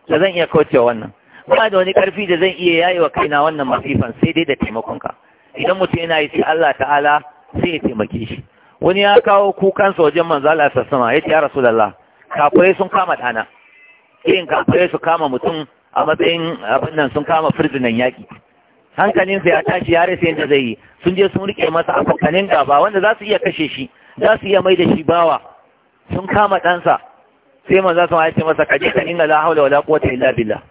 da zan iya kauce wannan ba da wani karfi da zan iya yayi wa kaina wannan masifan sai dai da taimakonka idan mutum yana yi sai Allah ta'ala sai ya taimake shi wani ya kawo kukan sa wajen manzo Allah sassama yace ya rasulullah kafirai sun kama dana irin kafirai su kama mutum a matsayin abin nan sun kama firzinan yaki Hankalin sai ya tashi ya rasa yadda zai yi sun je sun rike masa abokanin gaba wanda za su iya kashe shi za su iya mai da shi bawa sun kama ɗansa sai manzo sun ce masa kaje ka inna la haula wala quwwata illa billah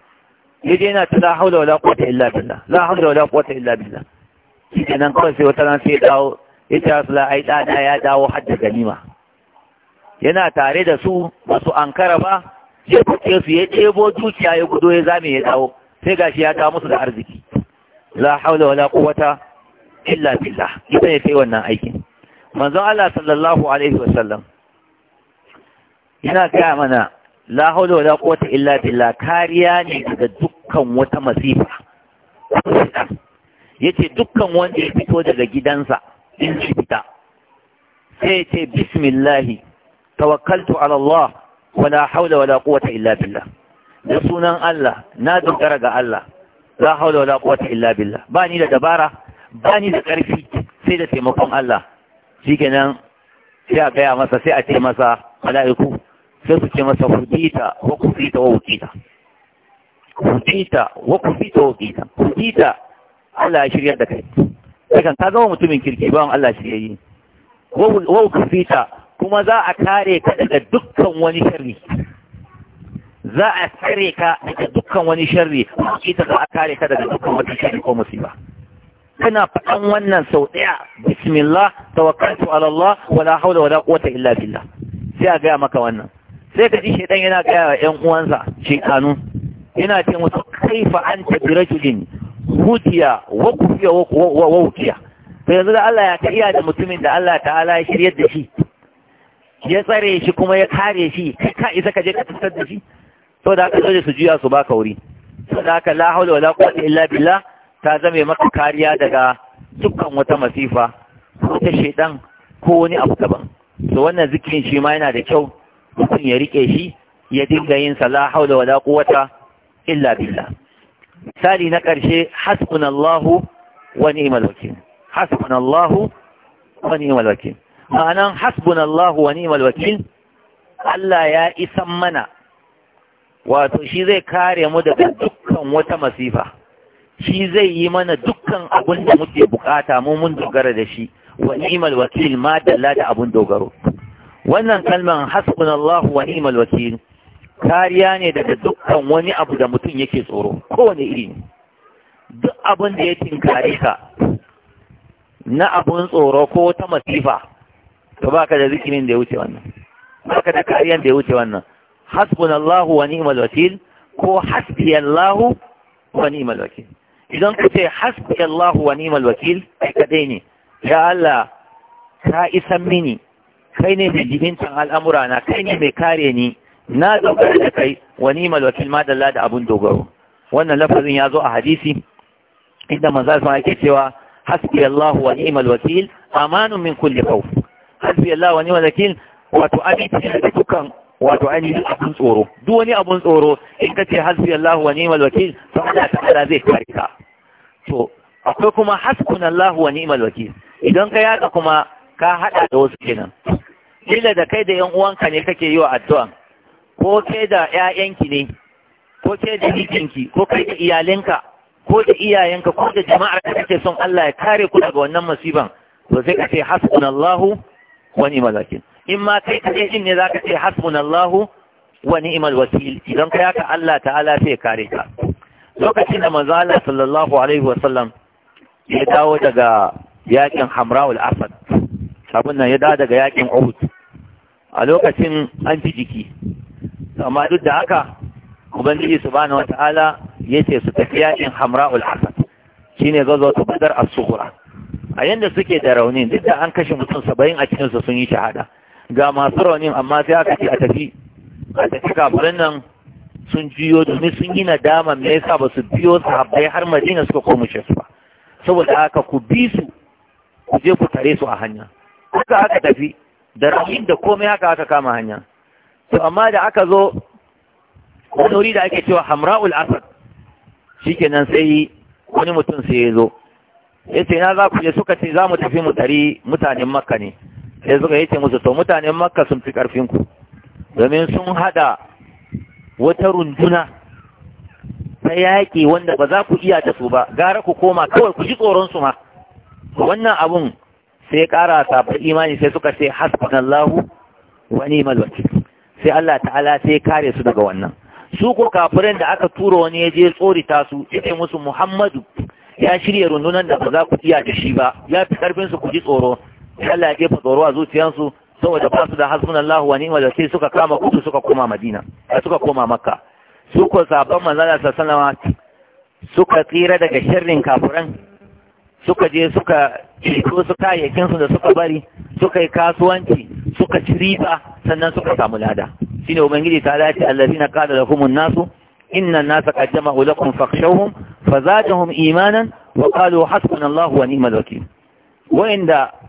yaje yana ta la haula wala quwwata illa billah la haula wala quwwata illa billah shi nan kawai sai wata ran sai dawo ita asla ai dana ya dawo hadda ganima yana tare da su ba su ankara ba sai kuke su ya ɗebo dukiya ya gudo ya zame ya dawo sai gashi ya kawo musu da arziki la haula wala quwwata illa billah ita ne sai wannan aikin manzon Allah sallallahu alaihi wasallam yana gaya mana la haula wala quwwata illa billah kariya ne daga dukkan wata masifa yace dukkan wanda ya fito daga gidansa in shi fita sai ce bismillah tawakkaltu ala Allah wala haula wala quwwata illa billah da sunan Allah na dogara ga Allah la haula wala quwwata illa billah ba ni da dabara ba ni da karfi sai da taimakon Allah shikenan sai a gaya masa sai a ce masa mala'iku sai su ce masa hudita wa kufita wa wukita hudita wa kufita wa wukita hudita Allah ya shirya da kai kan ka zama mutumin kirki bawan Allah shirye yi wa kufita kuma za a kare ka daga dukkan wani sharri za a tsare ka daga dukkan wani sharri ko ita za a kare ka daga dukkan wani sharri ko musiba kana faɗan wannan sau ɗaya bismillah tawakkaltu ala Allah wala hawla wala quwwata illa billah sai a gaya maka wannan sai ka ji shedan yana gaya wa ƴan uwansa shekanu yana ce musu kaifa anta bi rajulin hutiya wa kufiya wa wukiya to yanzu da Allah ya ka iya da mutumin da Allah ta'ala ya shiryar da shi ya tsare shi kuma ya kare shi ka isa ka je ka tattar da shi to da aka dole su juya su baka wuri to da aka la haula wala quwwata illa billah ta zame maka kariya daga dukkan wata masifa ko ta shedan ko wani abu daban to wannan zikirin shi ma yana da kyau mutum ya rike shi ya dinga yin sa la haula wala quwwata illa billah misali na karshe hasbunallahu wa ni'mal wakil hasbunallahu wa ni'mal wakil ma'anan hasbunallahu wa ni'mal wakil Allah ya isan mana wato shi zai kare mu daga dukkan wata masifa shi zai yi mana dukkan abin da muke bukata mu mun dogara da shi wa ni'mal wakil ma dalla da abun dogaro wannan kalman hasbunallahu wa ni'mal wakil kariya ne daga dukkan wani abu da mutum yake tsoro kowane iri ne duk abin da ya tinkare ka na abun tsoro ko ta masifa to baka da zikirin da ya wuce wannan baka da kariyan da ya wuce wannan hasbunallahu wa ni'mal wakil ko hasbiyallahu wa ni'mal wakil idan ku ce hasbiyallahu wa ni'mal wakil kai kadai ne ya Allah ka isan mini kai ne mai jibintan al'amura na kai ne mai kare ni na dogara da kai wa ni'mal wakil ma dalla da abun dogaro wannan lafazin ya zo a hadisi inda manzo sai yake cewa hasbiyallahu wa ni'mal wakil amanun min kulli khawf hasbiyallahu wa ni'mal wakil wato abin da dukkan wato ainihin abun tsoro duk wani abun tsoro in ka ce hasbi Allah wa ni'mal wakil to Allah ta'ala zai kare ka to akwai kuma hasbunallahu wa ni'mal wakil idan ka yaka kuma ka hada da wasu kenan kila da kai da yan uwanka ne kake yi wa addu'a ko kai da ƴaƴanki ne ko kai da mijinki ko kai da iyalinka ko da iyayenka ko da jama'ar da kake son Allah ya kare ku daga wannan musiban to sai ka ce hasbunallahu wa ni'mal wakil in ma kai kaɗai ɗin ne za ka ce hasbunallahu wa ni'mal wasil idan ka yaka Allah ta'ala sai kare ka lokacin da manzo Allah sallallahu alaihi wa sallam ya dawo daga yakin Hamrawul Asad abun nan ya dawo daga yakin Uhud a lokacin an ji jiki amma duk da haka ubangiji subhanahu wata'ala yace su tafi yakin Hamrawul Asad shine gazo ta Badar as-Sughra a yanda suke da rauni duk da an kashe mutum 70 a cikin su sun yi shahada ga masu raunin amma sai aka ce a tafi a tafi kafin nan sun jiyo domin sun yi nadama me yasa ba su biyo habbai har madina suka komo shi ba saboda haka ku bi su ku je ku tare su a hanya haka aka tafi da ramin da komai haka aka kama hanya to amma da aka zo wani wuri da ake cewa hamra'ul asad shikenan sai wani mutum sai ya zo ya ce na za ku je suka ce za mu tafi mu tari mutanen makka ne sai suka yi ce musu to mutanen makka sun fi ƙarfinku domin sun hada wata runduna ta yaƙi wanda ba za ku iya da su ba gara ku koma kawai ku ji tsoronsu ma wannan abun sai ƙara sabon imani sai suka ce hasbunallahu wa ni'mal wakil sai Allah ta'ala sai kare su daga wannan su ko kafirin da aka tura wani ya je tsorita su yace musu Muhammadu ya shirya rundunar da ba za ku iya da shi ba ya fi karfin su ku ji tsoro Allah ya jefa tsoro a zuciyarsu saboda ba su da hasbunallahu wa ni'mal wakil suka kama kudu suka koma Madina suka koma Makka su ko sabon manzala sallallahu alaihi suka tsira daga sharrin kafiran suka je suka ciko su kayayyakinsu da suka bari suka yi kasuwanci suka ci riba sannan suka samu lada shine ubangiji ta lati allazina qala lahumun nasu inna an-nasa qad jama'u lakum fakhshawhum fazadahum imanan wa qalu hasbunallahu wa ni'mal wakeel wa'inda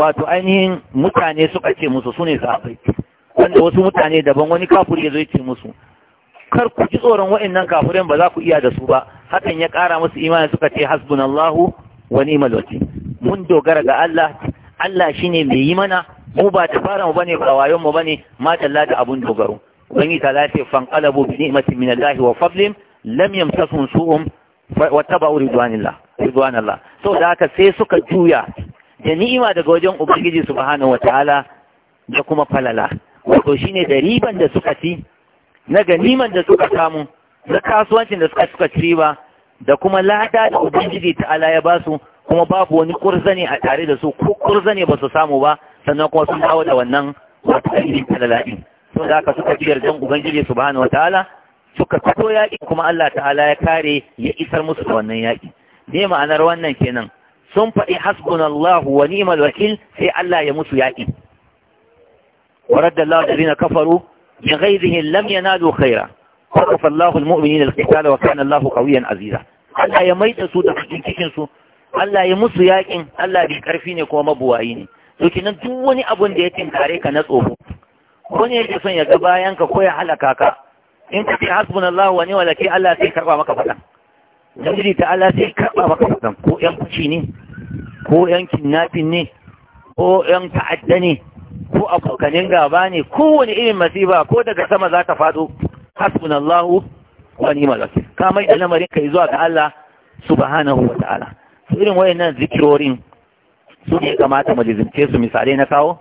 wato ainihin mutane suka ce musu su ne sahabbai wanda wasu mutane daban wani kafuri ya zo ya ce musu kar ku ji tsoron wa'annan kafurin ba za ku iya da su ba hakan ya ƙara musu imani suka ce hasbunallahu wa ni'mal wakil mun dogara ga Allah Allah shine mai yi mana mu ba ta fara mu bane ba wayon mu bane ma talla da abun dogaro ubangiji ta lafi fanqalabu bi ni'matin min Allah wa fadlin lam yamsasuhum su'um wa tabawu ridwanillah ridwanallah da haka sai suka juya da ni'ima daga wajen ubangiji subhanahu wataala da kuma falala wato shine da riban da suka ci na ganiman da suka samu na kasuwancin da suka suka ci ba da kuma lada da ubangiji ta'ala ya basu kuma babu wani kurzane a tare da su ko kurzane ba su samu ba sannan kuma sun dawo da wannan wata ainihin talala'in To da aka suka fi yardan ubangiji subhanahu wataala suka fito yaƙi kuma Allah ta'ala ya kare ya isar musu da wannan yaƙi ne ma'anar wannan kenan sun faɗi hasbunallahu wa ni'mal wakil sai Allah ya musu yaƙi wa raddallahu alladhina kafaru bi ghayrihim lam yanalu khaira وقف الله المؤمنين القتال وكان الله قويا Aziza. Allah ya maida su da cikin su Allah ya musu yaƙin. Allah bi karfi ne kuma mabuwayi ne to kinan duk wani abun da ya tinkare ka na tsofo ko ne yake son ya ga bayan ka ko ya halaka ka in ka ce hasbunallahu wa ni'mal wakil Allah sai karba maka fadan ta ala sai karɓa maka ko ‘yan fashi ne, ko ‘yan kinnafin ne, ko ‘yan ta'adda ne, ko abokanin gaba ne, kowane irin masifa ko daga sama za ta faɗo, hasbunallahu wa ni'mal wakil. Ka mai da lamarin kai zuwa ga Allah subhanahu wa ta'ala. Su irin wayannan zikirorin su ne kamata mu su misalai na kawo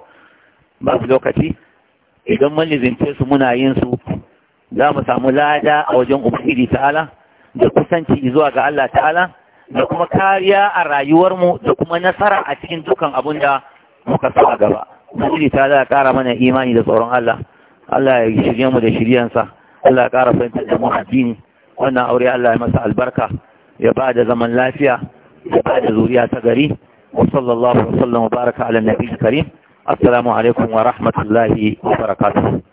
ba su lokaci idan mun su muna yin su za mu samu lada a wajen ubangiji Allah? da kusanci zuwa ga Allah ta'ala da kuma kariya a rayuwarmu da kuma nasara a cikin dukan abin da muka sa a gaba Ubangiji ta za ƙara mana imani da tsoron Allah Allah ya shirya mu da shiryansa Allah ya ƙara fahimta da mu addini wannan aure Allah ya masa albarka ya ba da zaman lafiya ya ba da zuriya ta gari wa sallallahu wa sallam wa baraka ala nabiyil karim assalamu alaikum wa rahmatullahi wa barakatuh